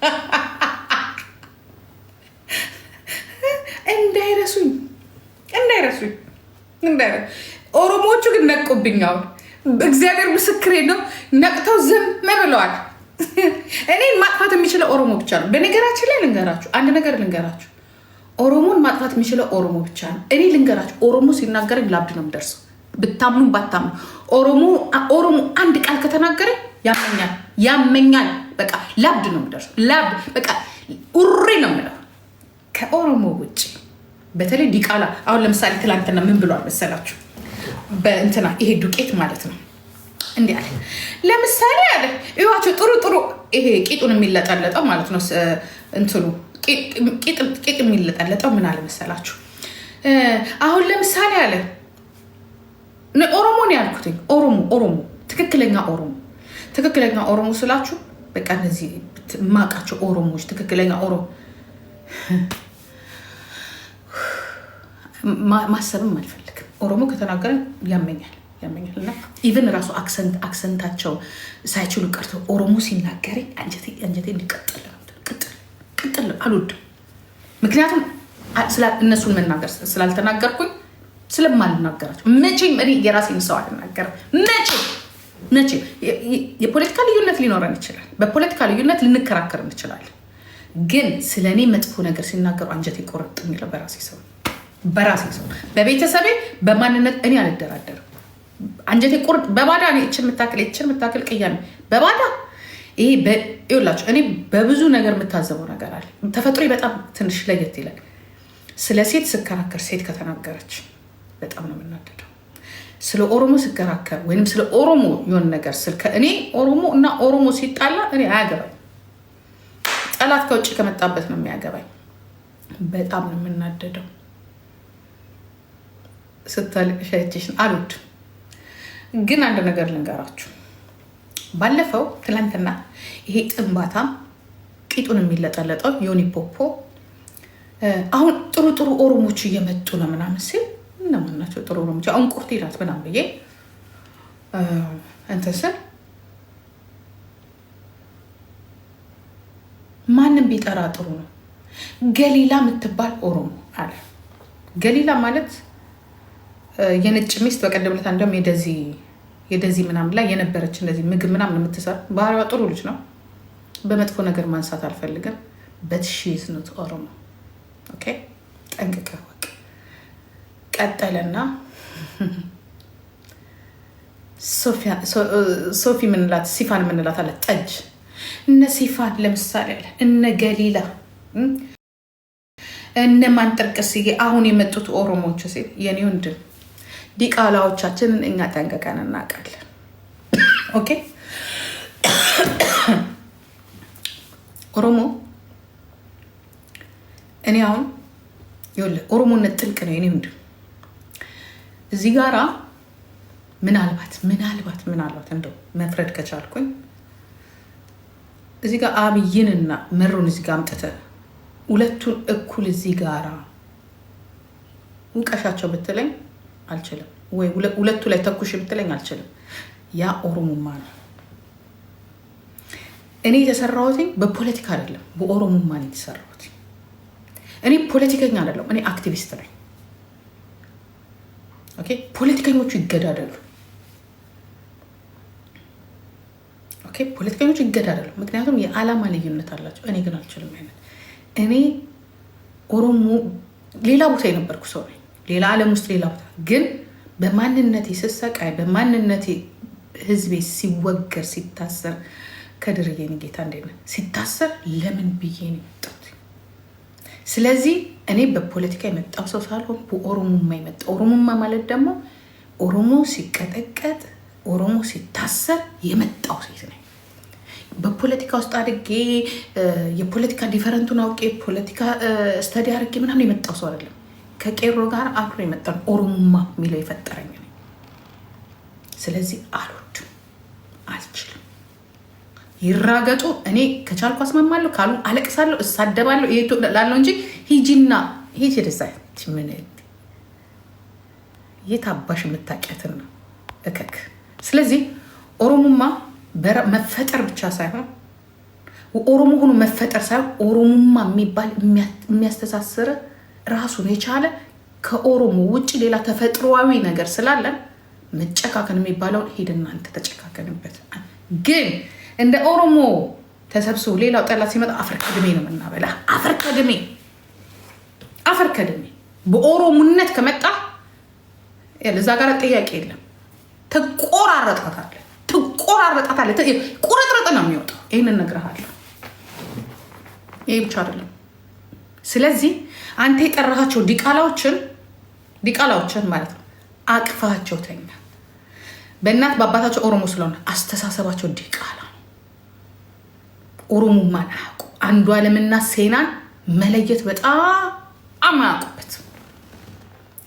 እንዳይረሱኝ እንዳይረሱኝ እንዳይረ ኦሮሞዎቹ ግን ነቁብኝ። አሁን እግዚአብሔር ምስክሬ ነው፣ ነቅተው ዝም ብለዋል። እኔን ማጥፋት የሚችለው ኦሮሞ ብቻ ነው። በነገራችን ላይ ልንገራችሁ አንድ ነገር ልንገራችሁ፣ ኦሮሞን ማጥፋት የሚችለው ኦሮሞ ብቻ ነው። እኔ ልንገራችሁ፣ ኦሮሞ ሲናገረኝ ላብድ ነው የምደርሰው፣ ብታምኑ ባታምኑ። ኦሮሞ አንድ ቃል ከተናገረኝ ያመኛል፣ ያመኛል። በቃ ላብድ ነው የምደርሰው። ላብድ በቃ ኡሪ ነው የምለው። ከኦሮሞ ውጭ በተለይ ዲቃላ አሁን ለምሳሌ ትላንትና ምን ብሏል መሰላችሁ? በእንትና ይሄ ዱቄት ማለት ነው እንዲህ አለ። ለምሳሌ አለ እዩዋቸው፣ ጥሩ ጥሩ ይሄ ቂጡን የሚለጠለጠው ማለት ነው እንትኑ ቂጥ የሚለጠለጠው ምን አለ መሰላችሁ? አሁን ለምሳሌ አለ ኦሮሞን ያልኩትኝ። ኦሮሞ ኦሮሞ፣ ትክክለኛ ኦሮሞ፣ ትክክለኛ ኦሮሞ ስላችሁ በቃ እነዚህ ማቃቸው ኦሮሞዎች ትክክለኛ ኦሮ ማሰብም አልፈልግም። ኦሮሞ ከተናገረ ያመኛል ያመኛል እና ኢቨን ራሱ አክሰንታቸው ሳይችሉ ቀርቶ ኦሮሞ ሲናገረኝ አንጀቴ አንጀቴ እንዲቀጥል ቅጥል አልወድም። ምክንያቱም እነሱን መናገር ስላልተናገርኩኝ ስለማልናገራቸው መቼም እኔ የራሴን ሰው አልናገርም መቼም ነች። የፖለቲካ ልዩነት ሊኖረን ይችላል። በፖለቲካ ልዩነት ልንከራከር እንችላለን። ግን ስለ እኔ መጥፎ ነገር ሲናገሩ አንጀት ይቆረጥ የሚለው በራሴ ሰው በራሴ ሰው በቤተሰቤ በማንነት እኔ አልደራደርም። አንጀት ቁርጥ በባዳ ችን የምታክል ችን የምታክል ቅያሜ በባዳ ይሄ እኔ በብዙ ነገር የምታዘበው ነገር አለ። ተፈጥሮ በጣም ትንሽ ለየት ይላል። ስለ ሴት ስከራከር ሴት ከተናገረች በጣም ነው የምናደደው። ስለ ኦሮሞ ስከራከር ወይም ስለ ኦሮሞ የሆነ ነገር ስልከ እኔ ኦሮሞ እና ኦሮሞ ሲጣላ እኔ አያገባኝ። ጠላት ከውጭ ከመጣበት ነው የሚያገባኝ። በጣም ነው የምናደደው። ስታልቅሻችን አሉድ ግን አንድ ነገር ልንገራችሁ። ባለፈው ትላንትና ይሄ ጥንባታ ቂጡን የሚለጠለጠው ዮኒ ፖፖ አሁን ጥሩ ጥሩ ኦሮሞች እየመጡ ነው ምናምን ሲል እነማን ናቸው ጥሩ ነው እርምጃ እንቁርት ይላት ምናም ብዬ እንትን ስል ማንም ቢጠራ ጥሩ ነው። ገሊላ የምትባል ኦሮሞ አለ። ገሊላ ማለት የነጭ ሚስት በቀደም ዕለት እንደውም የደዚህ ምናምን ላይ የነበረች እንደዚህ ምግብ ምናምን የምትሰራ ባህሪዋ ጥሩ ልጅ ነው። በመጥፎ ነገር ማንሳት አልፈልግም። በት ሺ ኖት ኦሮሞ ጠንቅቀ ወቅ ቀጠለና ሶፊ ምንላት ሲፋን ምንላት አለ ጠጅ እነ ሲፋን ለምሳሌ አለ እነ ገሊላ እነ ማንጠርቅስዬ አሁን የመጡት ኦሮሞች ሴ የኔ ወንድም ዲቃላዎቻችንን እኛ ጠንቀቀን እናውቃለን። ኦኬ ኦሮሞ እኔ አሁን ኦሮሞነት ጥልቅ ነው የኔ ወንድም እዚህ ጋራ ምናልባት ምናልባት ምናልባት እንደው መፍረድ ከቻልኩኝ እዚህ ጋር አብይንና መሩን እዚህ ጋር አምጥተህ ሁለቱን እኩል እዚህ ጋራ ውቀሻቸው ብትለኝ አልችልም፣ ወይ ሁለቱ ላይ ተኩሽ ብትለኝ አልችልም። ያ ኦሮሞማ ነው። እኔ የተሰራሁትኝ በፖለቲካ አይደለም፣ በኦሮሞማ ነው የተሰራሁት። እኔ ፖለቲከኛ አይደለም፣ እኔ አክቲቪስት ነኝ። ኦኬ ፖለቲከኞቹ ይገዳደሉ። ኦኬ ፖለቲከኞቹ ይገዳደሉ፣ ምክንያቱም የዓላማ ልዩነት አላቸው። እኔ ግን አልችልም አይነት እኔ ኦሮሞ ሌላ ቦታ የነበርኩ ሰው ነኝ፣ ሌላ ዓለም ውስጥ ሌላ ቦታ ግን በማንነቴ ስሰቃይ በማንነቴ ህዝቤ ሲወገር ሲታሰር ከድርዬን ጌታ እንዴት ነው ሲታሰር ለምን ብዬ ነው የወጣሁት? ስለዚህ እኔ በፖለቲካ የመጣው ሰው ሳልሆን በኦሮሞማ የመጣ ኦሮሞማ ማለት ደግሞ ኦሮሞ ሲቀጠቀጥ ኦሮሞ ሲታሰር የመጣው ሴት ነኝ። በፖለቲካ ውስጥ አድጌ የፖለቲካ ዲፈረንቱን አውቄ ፖለቲካ ስተዲ አድርጌ ምናምን የመጣው ሰው አይደለም። ከቄሮ ጋር አብሮ የመጣ ኦሮሞማ የሚለው የፈጠረኝ ነው። ስለዚህ አልወድም፣ አልችልም። ይራገጡ። እኔ ከቻልኩ አስማማለሁ፣ ካሉ አለቅሳለሁ፣ እሳደባለሁ ላለው እንጂ ሂጂና ሂጂ ደዛ ምን የት አባሽ የምታውቂያትን ነው እከክ። ስለዚህ ኦሮሞማ መፈጠር ብቻ ሳይሆን ኦሮሞ ሆኖ መፈጠር ሳይሆን ኦሮሞማ የሚባል የሚያስተሳስረ ራሱን የቻለ ከኦሮሞ ውጭ ሌላ ተፈጥሯዊ ነገር ስላለን መጨካከን የሚባለውን ሄድና እናንተ ተጨካከንበት። ግን እንደ ኦሮሞ ተሰብስቦ ሌላው ጠላት ሲመጣ አፈር ከድሜ ነው የምናበላ አፈር ከድሜ አፈር ከድሜ ከመጣ እዛ ጋር ጥያቄ የለም። ትቆራረጣታለህ፣ ትቆራረጣታለህ። ቁርጥርጥ ነው የሚወጣው። ይህንን እነግርሃለሁ። ይህ ብቻ አይደለም። ስለዚህ አንተ የጠራሃቸው ዲቃላዎችን ዲቃላዎችን ማለት ነው አቅፋቸው ተኛ። በእናት በአባታቸው ኦሮሞ ስለሆነ አስተሳሰባቸው ዲቃላ ነው። ማናቁ አያውቁ። አንዷለምና ሴናን መለየት በጣም አማያውቁበት።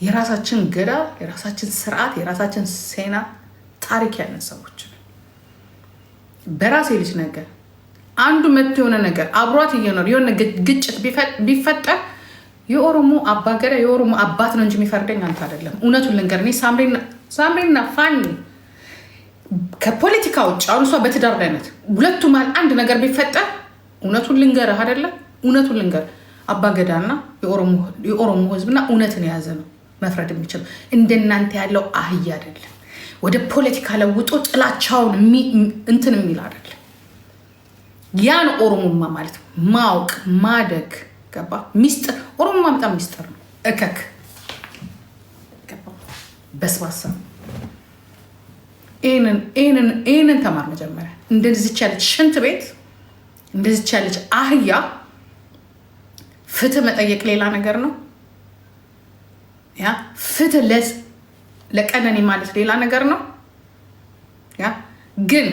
የራሳችን ገዳ፣ የራሳችን ስርዓት፣ የራሳችን ሴና ታሪክ ያለን ሰዎች በራሴ ልጅ ነገር አንዱ መጥቶ የሆነ ነገር አብሯት እየኖር የሆነ ግጭት ቢፈጠር የኦሮሞ አባገዳ የኦሮሞ አባት ነው እንጂ የሚፈርደኝ አንተ አይደለም። እውነቱን ልንገር፣ እኔ ሳምሪና ፋኒ ከፖለቲካ ውጭ አሁን እሷ በትዳር አይነት ሁለቱ መሀል አንድ ነገር ቢፈጠር እውነቱን ልንገርህ አይደለም፣ እውነቱን ልንገርህ አባገዳና የኦሮሞ ህዝብና እውነትን የያዘ ነው መፍረድ የሚችለው። እንደናንተ ያለው አህያ አይደለም። ወደ ፖለቲካ ለውጦ ጥላቻውን እንትን የሚል አይደለም። ያን ኦሮሞማ ማለት ማወቅ ማደግ ገባ። ሚስጥር ኦሮሞማ በጣም ሚስጥር ነው። እከክ በስባሳ ይህንን ተማር መጀመሪያ። እንደዚች ያለች ሽንት ቤት እንደዚች ያለች አህያ ፍትህ መጠየቅ ሌላ ነገር ነው። ያ ፍትህ ለቀነኒ ማለት ሌላ ነገር ነው። ያ ግን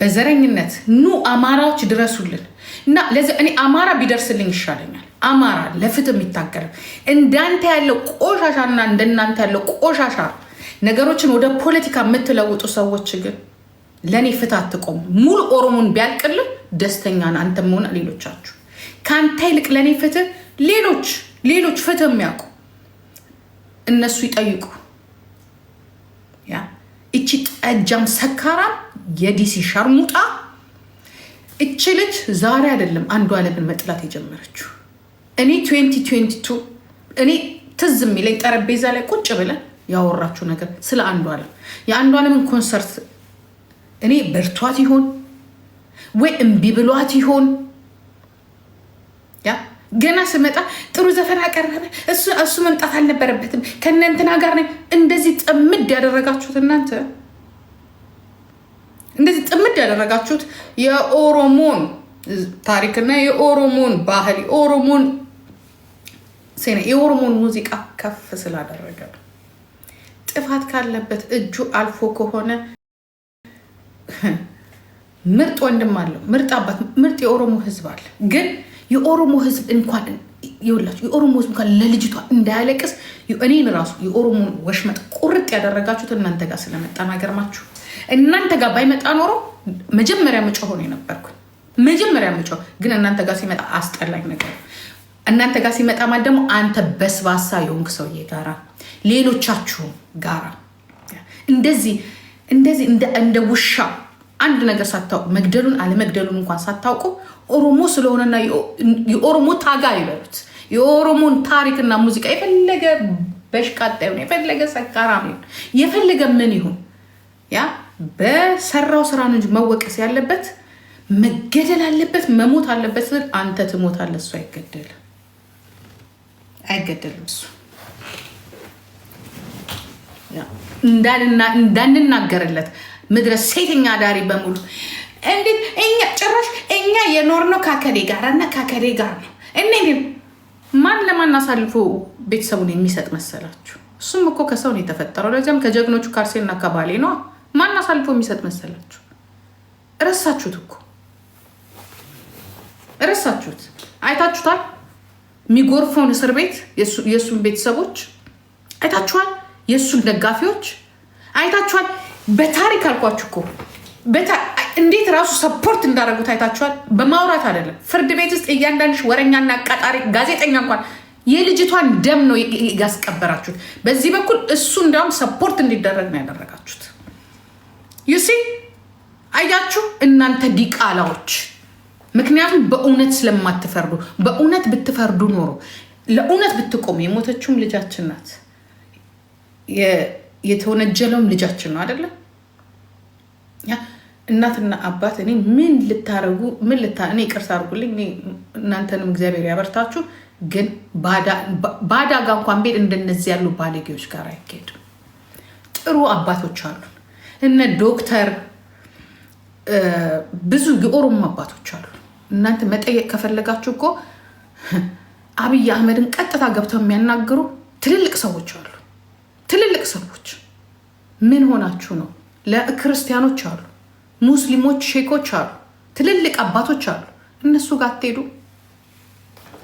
በዘረኝነት ኑ አማራዎች ድረሱልን እና ለዚ እኔ አማራ ቢደርስልኝ ይሻለኛል። አማራ ለፍትህ የሚታገል እንዳንተ ያለው ቆሻሻ እና እንደናንተ ያለው ቆሻሻ ነገሮችን ወደ ፖለቲካ የምትለውጡ ሰዎች ግን ለእኔ ፍትህ አትቆሙ። ሙሉ ኦሮሞን ቢያልቅልን ደስተኛ አንተም ሆነ ሌሎቻችሁ ከአንተ ይልቅ ለእኔ ፍትህ ሌሎች ሌሎች ፍትህ የሚያውቁ እነሱ ይጠይቁ። ያ እቺ ጠጃም ሰካራም የዲሲ ሸርሙጣ እቺ ልጅ ዛሬ አይደለም አንዱ አለምን መጥላት የጀመረችው። እኔ 2022 እኔ ትዝ የሚለኝ ጠረጴዛ ላይ ቁጭ ብለን ያወራችው ነገር ስለ አንዱ አለም የአንዱ አለምን ኮንሰርት እኔ በርቷት ይሆን ወይ እምቢ ብሏት ይሆን ያ ገና ስመጣ ጥሩ ዘፈን አቀረበ። እሱ እሱ መምጣት አልነበረበትም ከእነንትና ጋር ነው። እንደዚህ ጥምድ ያደረጋችሁት እናንተ እንደዚህ ጥምድ ያደረጋችሁት የኦሮሞን ታሪክና የኦሮሞን ባህል የኦሮሞን ሴና የኦሮሞን ሙዚቃ ከፍ ስላደረገ ጥፋት ካለበት እጁ አልፎ ከሆነ ምርጥ ወንድም አለው፣ ምርጥ አባት፣ ምርጥ የኦሮሞ ህዝብ አለ ግን የኦሮሞ ህዝብ እንኳን ይኸውላችሁ የኦሮሞ ህዝብ እንኳን ለልጅቷ እንዳያለቅስ እኔን ራሱ የኦሮሞ ወሽመጥ ቁርጥ ያደረጋችሁት እናንተ ጋር ስለመጣን አይገርማችሁ። እናንተ ጋር ባይመጣ ኖሮ መጀመሪያ መጮ ሆኖ የነበርኩኝ መጀመሪያ መጮ ግን እናንተ ጋር ሲመጣ አስጠላኝ ነገር እናንተ ጋር ሲመጣ ማለት ደግሞ አንተ በስባሳ የሆንክ ሰውዬ ጋራ ሌሎቻችሁ ጋራ እንደዚህ እንደዚህ እንደ ውሻ አንድ ነገር ሳታውቁ መግደሉን አለመግደሉን እንኳን ሳታውቁ ኦሮሞ ስለሆነና የኦሮሞ ታጋ ይበሉት የኦሮሞን ታሪክና ሙዚቃ የፈለገ በሽቃጣ ይሁን የፈለገ ሰካራም ይሁን የፈለገ ምን ይሁን ያ በሰራው ስራ ነው እንጂ መወቀስ ያለበት መገደል አለበት መሞት አለበት። አንተ ትሞታለህ፣ እሱ አይገደልም አይገደልም። እሱ እንዳንናገርለት ምድረ ሴተኛ አዳሪ በሙሉ እንዴት እኛ ጭራሽ እኛ የኖርነው ካከሌ ጋር እና ካከሌ ጋር ነው። እኔ ግን ማን ለማን አሳልፎ ቤተሰቡን የሚሰጥ መሰላችሁ? እሱም እኮ ከሰው ነው የተፈጠረው። ለዚያም ከጀግኖቹ ካርሴና ከባሌ ነው። ማን አሳልፎ የሚሰጥ መሰላችሁ? ረሳችሁት እኮ ረሳችሁት። አይታችሁታል። የሚጎርፈውን እስር ቤት የእሱን ቤተሰቦች አይታችኋል። የእሱን ደጋፊዎች አይታችኋል። በታሪክ አልኳችሁ እኮ እንዴት ራሱ ሰፖርት እንዳደረጉት አይታችኋል። በማውራት አይደለም ፍርድ ቤት ውስጥ እያንዳንድሽ ወረኛና አቃጣሪ ጋዜጠኛ እንኳን የልጅቷን ደም ነው ያስቀበራችሁት። በዚህ በኩል እሱ እንዲያውም ሰፖርት እንዲደረግ ነው ያደረጋችሁት። ዩሲ አያችሁ፣ እናንተ ዲቃላዎች። ምክንያቱም በእውነት ስለማትፈርዱ፣ በእውነት ብትፈርዱ ኖሮ ለእውነት ብትቆሙ፣ የሞተችውም ልጃችን ናት፣ የተወነጀለውም ልጃችን ነው አይደለም እናትና አባት እኔ ምን ልታረጉ ምን ልታ እኔ ቅርስ አድርጉልኝ። እናንተንም እግዚአብሔር ያበርታችሁ። ግን ባዳ ጋ እንኳን ቤድ እንደነዚህ ያሉ ባለጌዎች ጋር አይካሄድም። ጥሩ አባቶች አሉ። እነ ዶክተር ብዙ የኦሮሞ አባቶች አሉ። እናንተ መጠየቅ ከፈለጋችሁ እኮ አብይ አህመድን ቀጥታ ገብተው የሚያናግሩ ትልልቅ ሰዎች አሉ። ትልልቅ ሰዎች ምን ሆናችሁ ነው? ለክርስቲያኖች አሉ፣ ሙስሊሞች ሼኮች አሉ፣ ትልልቅ አባቶች አሉ። እነሱ ጋር አትሄዱ፣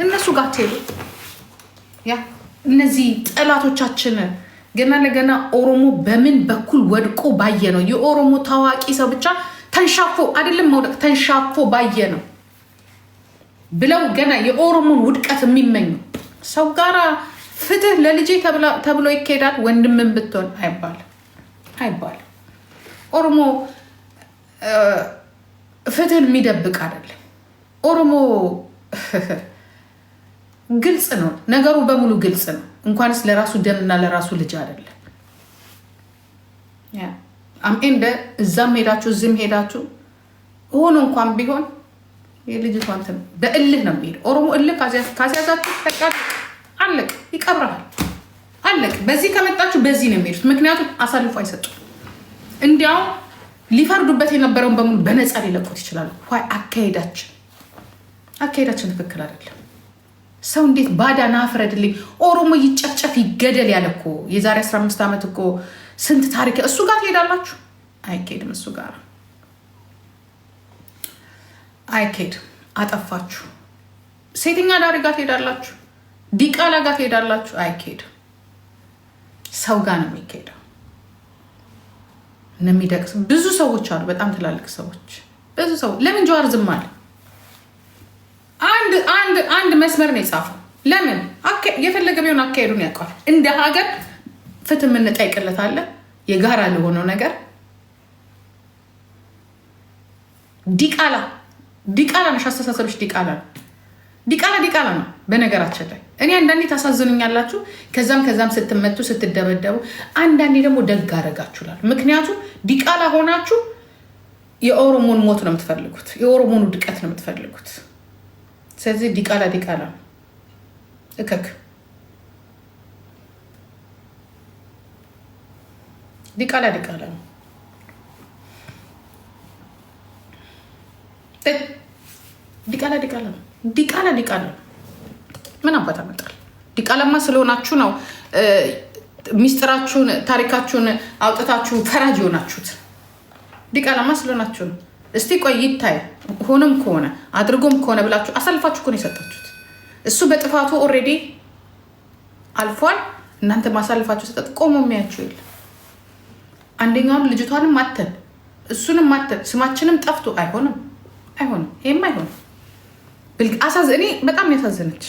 እነሱ ጋር አትሄዱ። ያ እነዚህ ጠላቶቻችን ገና ለገና ኦሮሞ በምን በኩል ወድቆ ባየ ነው። የኦሮሞ ታዋቂ ሰው ብቻ ተንሻፎ አይደለም መውደቅ ተንሻፎ ባየ ነው ብለው ገና የኦሮሞን ውድቀት የሚመኙ ሰው ጋር ፍትህ ለልጄ ተብሎ ይካሄዳል። ወንድምን ብትሆን አይባልም አይባልም። ኦሮሞ ፍትህን የሚደብቅ አይደለም። ኦሮሞ ግልጽ ነው፣ ነገሩ በሙሉ ግልጽ ነው። እንኳንስ ለራሱ ደምና ለራሱ ልጅ አይደለም። አምኤንደ እዛም ሄዳችሁ እዚህም ሄዳችሁ ሆኖ እንኳን ቢሆን የልጅቷ እንትን በእልህ ነው የሚሄድ ኦሮሞ። እልህ ካሲያዛችሁ በቃ አለቅ፣ ይቀብረሃል፣ አለቅ። በዚህ ከመጣችሁ በዚህ ነው የሚሄዱት፣ ምክንያቱም አሳልፎ አይሰጡም። እንዲያውም ሊፈርዱበት የነበረውን በሙሉ በነፃ ሊለቁት ይችላሉ። ይ አካሄዳችን አካሄዳችን ትክክል አይደለም። ሰው እንዴት ባዳ ናፍረድልኝ ኦሮሞ ይጨፍጨፍ ይገደል ያለ እኮ የዛሬ 15 ዓመት እኮ ስንት ታሪክ እሱ ጋር ትሄዳላችሁ። አይኬድም፣ እሱ ጋር አይኬድም። አጠፋችሁ ሴተኛ አዳሪ ጋር ትሄዳላችሁ፣ ዲቃላ ጋር ትሄዳላችሁ። አይኬድም፣ ሰው ጋር ነው የሚኬደው። የሚደቅስ ብዙ ሰዎች አሉ። በጣም ትላልቅ ሰዎች ብዙ ሰው ለምን ጀዋር ዝም አለ? አንድ መስመር ነው የጻፈው። ለምን የፈለገ ቢሆን አካሄዱን ያውቀዋል። እንደ ሀገር ፍትህ የምንጠይቅለት አለ የጋራ ለሆነው ነገር ዲቃላ ዲቃላ ነሽ፣ አስተሳሰብሽ ዲቃላ ነው። ዲቃላ ዲቃላ ነው። በነገራችን ላይ እኔ አንዳንዴ ታሳዝኑኛላችሁ። ከዛም ከዛም ስትመቱ ስትደበደቡ፣ አንዳንዴ ደግሞ ደግ አደረጋችሁላል። ምክንያቱም ዲቃላ ሆናችሁ የኦሮሞን ሞት ነው የምትፈልጉት፣ የኦሮሞን ውድቀት ነው የምትፈልጉት። ስለዚህ ዲቃላ ዲቃላ እከክ ዲቃላ ዲቃላ ነው። ዲቃላ ዲቃላ ነው። ዲቃላ ዲቃላ ነው። ምን አባት ያመጣል? ዲቃላማ ስለሆናችሁ ነው ሚስጥራችሁን፣ ታሪካችሁን አውጥታችሁ ፈራጅ የሆናችሁት። ዲቃላማ ስለሆናችሁ ነው። እስቲ ቆይ ይታይ። ሆኖም ከሆነ አድርጎም ከሆነ ብላችሁ አሳልፋችሁ እኮ ነው የሰጣችሁት። እሱ በጥፋቱ ኦልሬዲ አልፏል። እናንተ ማሳልፋችሁ ሰጠት። ቆሞ የሚያችሁ የለ አንደኛውን ልጅቷንም ማተን እሱንም ማተን ስማችንም ጠፍቶ አይሆንም፣ አይሆንም፣ ይሄም አይሆንም። አሳዝ እኔ በጣም ያሳዝነች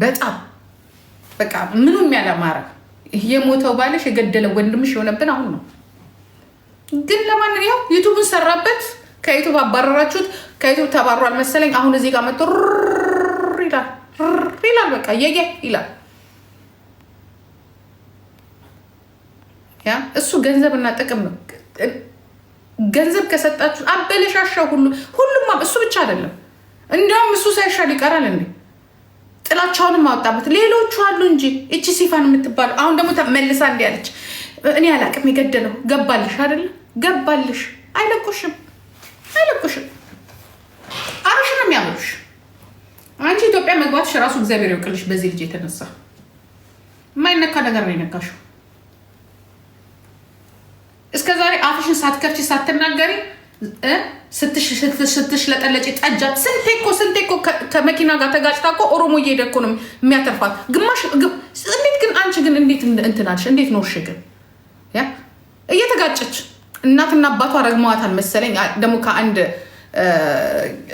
በጣም በቃ ምኑም ያለማረ የሞተው ባልሽ የገደለ ወንድምሽ የሆነብን አሁን ነው። ግን ለማንኛውም ያው ዩቱብን ሰራበት። ከዩቱብ አባረራችሁት። ከዩቱብ ተባሯል መሰለኝ። አሁን እዚህ ጋር መጥቶ ይላል ይላል በቃ የየ ይላል። ያ እሱ ገንዘብና ጥቅም ገንዘብ ከሰጣችሁ አበለሻሻ ሁሉ ሁሉም እሱ ብቻ አይደለም። እንዲያውም እሱ ሳይሻል ይቀራል እንዴ ጥላቻውንም አወጣበት። ሌሎቹ አሉ እንጂ እቺ ሲፋን የምትባለው አሁን ደግሞ መልሳ እንዲ ያለች እኔ አላቅም የገደለው ገባልሽ አይደለ ገባልሽ። አይለቁሽም አይለቁሽም። አብሽ ነው የሚያምሩሽ። አንቺ ኢትዮጵያ መግባትሽ ራሱ እግዚአብሔር ይወቅልሽ። በዚህ ልጅ የተነሳ የማይነካ ነገር ነው የነካሽው። እስከዛሬ አፍሽን ሳትከፍች ሳትናገሪ ስትሽለጠለጭ ጠጃት። ስንቴ እኮ ስንቴ እኮ ከመኪና ጋር ተጋጭታ እኮ ኦሮሞ እየሄደ እኮ ነው የሚያተርፋት። ግማሽ እንዴት ግን አንቺ ግን እንዴት እንትናልሽ እንዴት ኖርሽ ግን እየተጋጨች እናትና አባቷ ረግመዋታል መሰለኝ። ደግሞ ከአንድ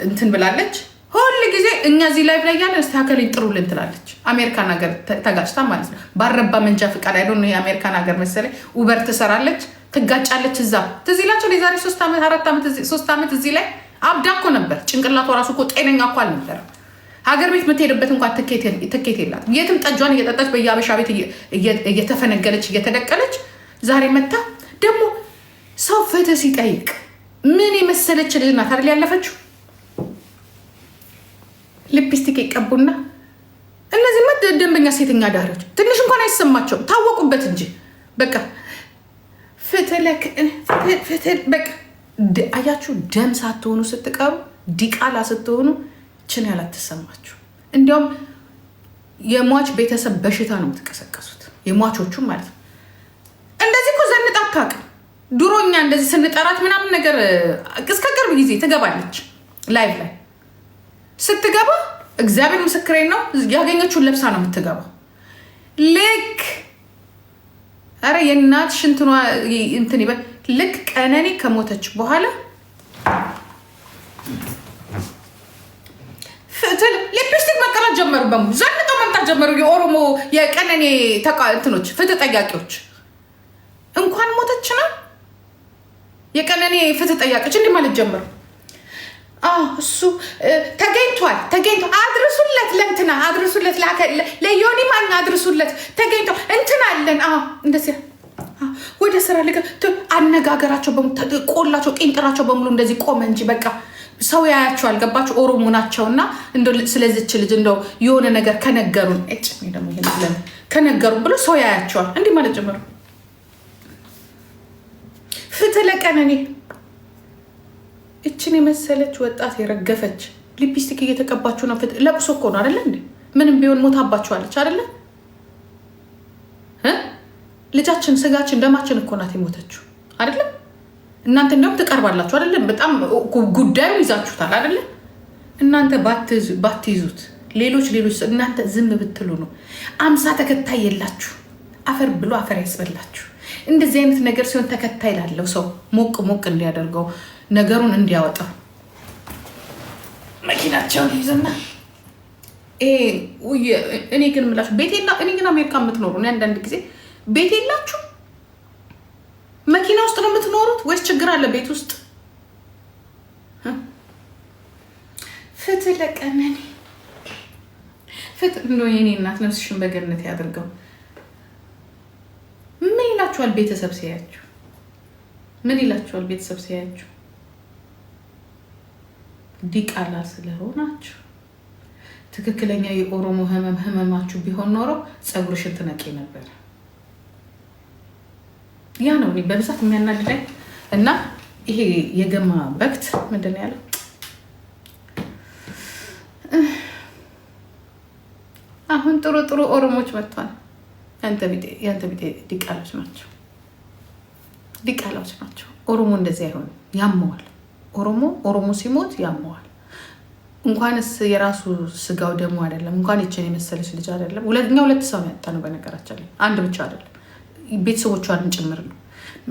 እንትን ብላለች። ሁል ጊዜ እኛ እዚህ ላይፍ ላይ ያለ ስተካከልን ጥሩልን ትላለች። አሜሪካን ሀገር ተጋጭታ ማለት ነው። ባረባ መንጃ ፍቃድ አይዶ የአሜሪካን ሀገር መሰለኝ ኡበር ትሰራለች ትጋጫለች። እዛ ትዝ ይላቸው የዛሬ ሶስት ዓመት እዚህ ላይ አብዳ እኮ ነበር። ጭንቅላቷ ራሱ እኮ ጤነኛ እኮ አልነበረ። ሀገር ቤት የምትሄድበት እንኳን ትኬት የላትም። የትም ጠጇን እየጠጣች በየአበሻ ቤት እየተፈነገለች እየተደቀለች፣ ዛሬ መታ ደግሞ ሰው ፍትህ ሲጠይቅ ምን የመሰለች ልጅ ናት አይደል ያለፈችው። ሊፕስቲክ ይቀቡና እነዚህ ደንበኛ ሴተኛ ዳሪዎች ትንሽ እንኳን አይሰማቸውም። ታወቁበት እንጂ በቃ ፍትህ በቃ አያችሁ። ደም ሳትሆኑ ስትቀሩ ዲቃላ ስትሆኑ ችን ያላት አትሰማችሁ። እንዲያውም የሟች ቤተሰብ በሽታ ነው የምትቀሰቀሱት፣ የሟቾቹም ማለት ነው። እንደዚህ እኮ ዘንጣ አታውቅም። ድሮ እኛ እንደዚህ ስንጠራት ምናምን ነገር እስከ ቅርብ ጊዜ ትገባለች ላይፍ ላይ ስትገባ እግዚአብሔር ምስክሬን ነው ያገኘችውን ለብሳ ነው የምትገባው ልክ አረ የእናትሽ እንትኗ እንትን ይበል። ልክ ቀነኔ ከሞተች በኋላ ሊፕስቲክ መቀራት ጀመሩ። በሙሉ ዘንጦ መምጣት ጀመሩ። የኦሮሞ የቀነኔ እንትኖች ፍትህ ጠያቂዎች እንኳን ሞተች ነው የቀነኔ ፍትህ ጠያቂዎች እንዲህ ማለት ጀመሩ። እሱ ተገኝቷል ተገኝቷል። አድርሱለት፣ ለእንትና አድርሱለት፣ ለዮኒ ማኛ አድርሱለት። ተገኝቷል እንትን አለን እንደዚህ ወደ ስራ ልገ አነጋገራቸው ቆላቸው ቂንጥራቸው በሙሉ እንደዚህ ቆመ እንጂ በቃ ሰው ያያቸው አልገባቸው ኦሮሞ ናቸው ናቸውና፣ ስለዚች ልጅ እንደው የሆነ ነገር ከነገሩን ከነገሩን ብሎ ሰው ያያቸዋል። እንዲህ ማለት ጀመሩ። ፍትህ ለቀነኔ እችን የመሰለች ወጣት የረገፈች ሊፕስቲክ እየተቀባችሁ ነው። ለብሶ እኮ ነው አደለ እንዴ? ምንም ቢሆን ሞታባችኋለች አደለ? ልጃችን፣ ስጋችን፣ ደማችን እኮ ናት የሞተችው አደለ? እናንተ እንዲሁም ትቀርባላችሁ አደለ? በጣም ጉዳዩ ይዛችሁታል አደለ? እናንተ ባትይዙት ሌሎች ሌሎች እናንተ ዝም ብትሉ ነው። አምሳ ተከታይ የላችሁ አፈር ብሎ አፈር ያስበላችሁ። እንደዚህ አይነት ነገር ሲሆን ተከታይ ላለው ሰው ሞቅ ሞቅ እንዲያደርገው ነገሩን እንዲያወጣ መኪናቸውን ይዘና እኔ ግን ምላሽ ቤቴላ እኔ ግን አሜሪካ የምትኖሩ እኔ አንዳንድ ጊዜ ቤት የላችሁ መኪና ውስጥ ነው የምትኖሩት ወይስ ችግር አለ ቤት ውስጥ? ፍትህ ለቀነኒ ፍትህ የኔ እናት ነፍስሽን በገነት ያድርገው። ምን ይላችኋል ቤተሰብ ሲያያችሁ? ምን ይላችኋል ቤተሰብ ሲያያችሁ? ዲቃላ ስለሆናችሁ ትክክለኛ የኦሮሞ ህመም ህመማችሁ ቢሆን ኖሮ ፀጉርሽን ትነቂ ነበር። ያ ነው እኔ በብዛት የሚያናድደኝ እና ይሄ የገማ በክት ምንድን ነው ያለው? አሁን ጥሩ ጥሩ ኦሮሞዎች መጥቷል። ያንተ ቢጤ ዲቃላዎች ናቸው፣ ዲቃላዎች ናቸው። ኦሮሞ እንደዚህ አይሆንም፣ ያመዋል ኦሮሞ ኦሮሞ ሲሞት ያመዋል። እንኳንስ የራሱ ስጋው ደሞ አይደለም እንኳን ይችን የመሰለች ልጅ አይደለም። ሁለተኛ ሁለት ሰው ያጣ ነው በነገራችን ላይ አንድ ብቻ አይደለም፣ ቤተሰቦቿንም ጭምር ነው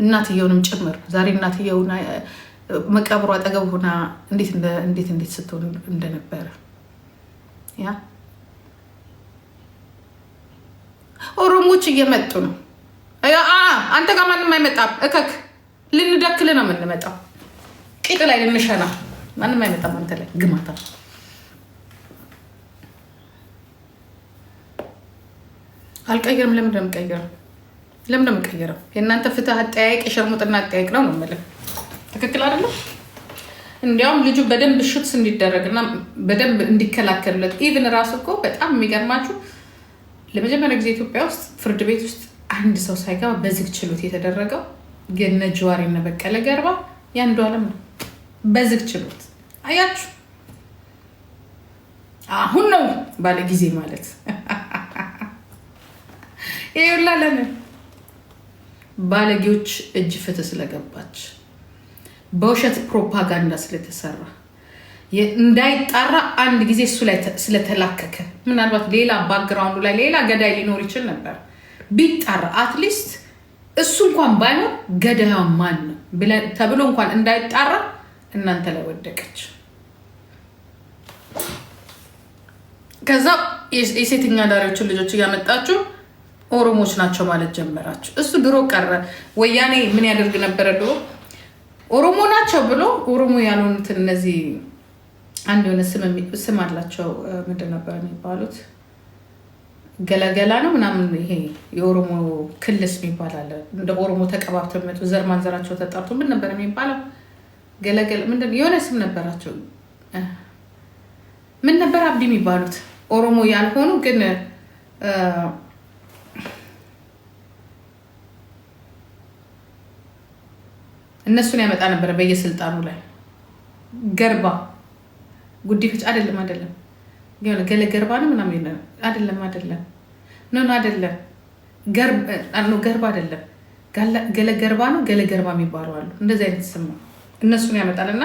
እናትየውንም ጭምር ዛሬ እናትየው መቀብሩ አጠገብ ሆና እንዴት እንዴት እንዴት ስትሆን እንደነበረ ያ ኦሮሞዎች እየመጡ ነው። አንተ ጋር ማንም አይመጣም። እከክ ልንደክል ነው የምንመጣው። ቂጥ ላይ ልንሸና ማንም አይመጣም አንተ ላይ ግማታ አልቀይርም። ለምን ነው የምቀይረው? ለምን ነው የምቀይረው? የእናንተ ፍትህ አጠያየቅ የሸርሙጥና አጠያየቅ ነው ነው የምልህ። ትክክል አይደለም። እንዲያውም ልጁ በደንብ ሹት እንዲደረግና በደንብ እንዲከላከልለት ኢቭን ራሱ እኮ በጣም የሚገርማችሁ ለመጀመሪያ ጊዜ ኢትዮጵያ ውስጥ ፍርድ ቤት ውስጥ አንድ ሰው ሳይገባ በዝግ ችሎት የተደረገው የነ ጅዋር የነ በቀለ ገርባ የአንዱ አለም ነው። በዝግ ችሎት አያችሁ። አሁን ነው ባለ ጊዜ ማለት ይኸውላ። ለምን ባለጌዎች እጅ ፍትህ ስለገባች በውሸት ፕሮፓጋንዳ ስለተሰራ እንዳይጣራ አንድ ጊዜ እሱ ላይ ስለተላከከ ምናልባት ሌላ ባክግራውንዱ ላይ ሌላ ገዳይ ሊኖር ይችል ነበር። ቢጣራ አትሊስት እሱ እንኳን ባይሆን ገዳዩ ማን ነው ተብሎ እንኳን እንዳይጣራ እናንተ ላይ ወደቀች። ከዛ የሴተኛ አዳሪዎችን ልጆች እያመጣችሁ ኦሮሞዎች ናቸው ማለት ጀመራችሁ። እሱ ድሮ ቀረ። ወያኔ ምን ያደርግ ነበረ ድሮ ኦሮሞ ናቸው ብሎ ኦሮሞ ያልሆኑትን እነዚህ አንድ የሆነ ስም አላቸው። ምንድን ነበር የሚባሉት? ገለገላ ነው ምናምን። ይሄ የኦሮሞ ክልስ የሚባል አለ። እንደ ኦሮሞ ተቀባብተው የሚመጡ ዘር ማንዘራቸው ተጣርቶ ምን ነበር የሚባለው? ገለገለ ምንድን የሆነ ስም ነበራቸው። ምን ነበር አብዲ የሚባሉት ኦሮሞ ያልሆኑ ግን እነሱን ያመጣ ነበረ በየስልጣኑ ላይ ገርባ ጉዲፈች አይደለም አይደለም የሆነ ገለ ገርባ ነው ምናምን አይደለም አይደለም ኖን አይደለም ገርባ አይደለም ገለ ገርባ ነው ገለ ገርባ የሚባሉ አሉ እንደዚህ አይነት ስም ነው እነሱን ያመጣልና